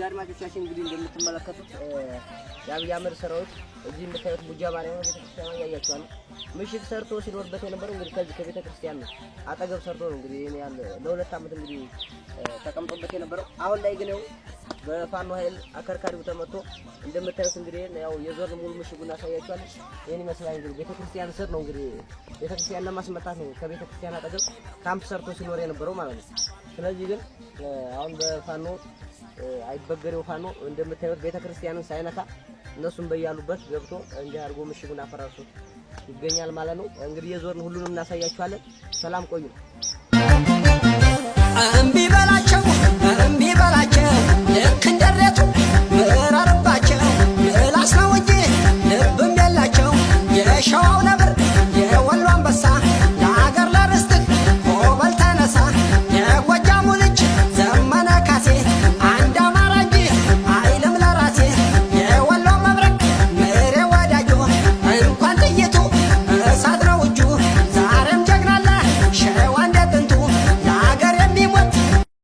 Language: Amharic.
ውድ አድማጮቻችን እንግዲህ እንደምትመለከቱት የአብይ አህመድ ሰራዊት እዚህ የምታዩት ቡጃ ማርያም ቤተክርስቲያን ያያቸዋል። ምሽግ ሰርቶ ሲኖርበት የነበረው እንግዲህ ከዚህ ከቤተክርስቲያን ነው አጠገብ ሰርቶ ነው እንግዲህ ያለ ለሁለት ዓመት እንግዲህ ተቀምጦበት የነበረው። አሁን ላይ ግን ያው በፋኖ ኃይል አከርካሪው ተመቶ እንደምታዩት እንግዲህ ያው የዞር ሙሉ ምሽጉን ያሳያቸዋል። ይህን ይመስላል እንግዲህ ቤተክርስቲያን ስር ነው እንግዲህ ቤተክርስቲያን ለማስመጣት ነው ከቤተክርስቲያን አጠገብ ካምፕ ሰርቶ ሲኖር የነበረው ማለት ነው። ስለዚህ ግን አሁን በፋኖ አይበገሬው ፋኖ እንደምታዩት ቤተክርስቲያንን ሳይነካ እነሱም በያሉበት ገብቶ እንዲህ አድርጎ ምሽጉን አፈራርሶ ይገኛል ማለት ነው። እንግዲህ የዞርን ሁሉንም እናሳያችኋለን። ሰላም ቆዩ።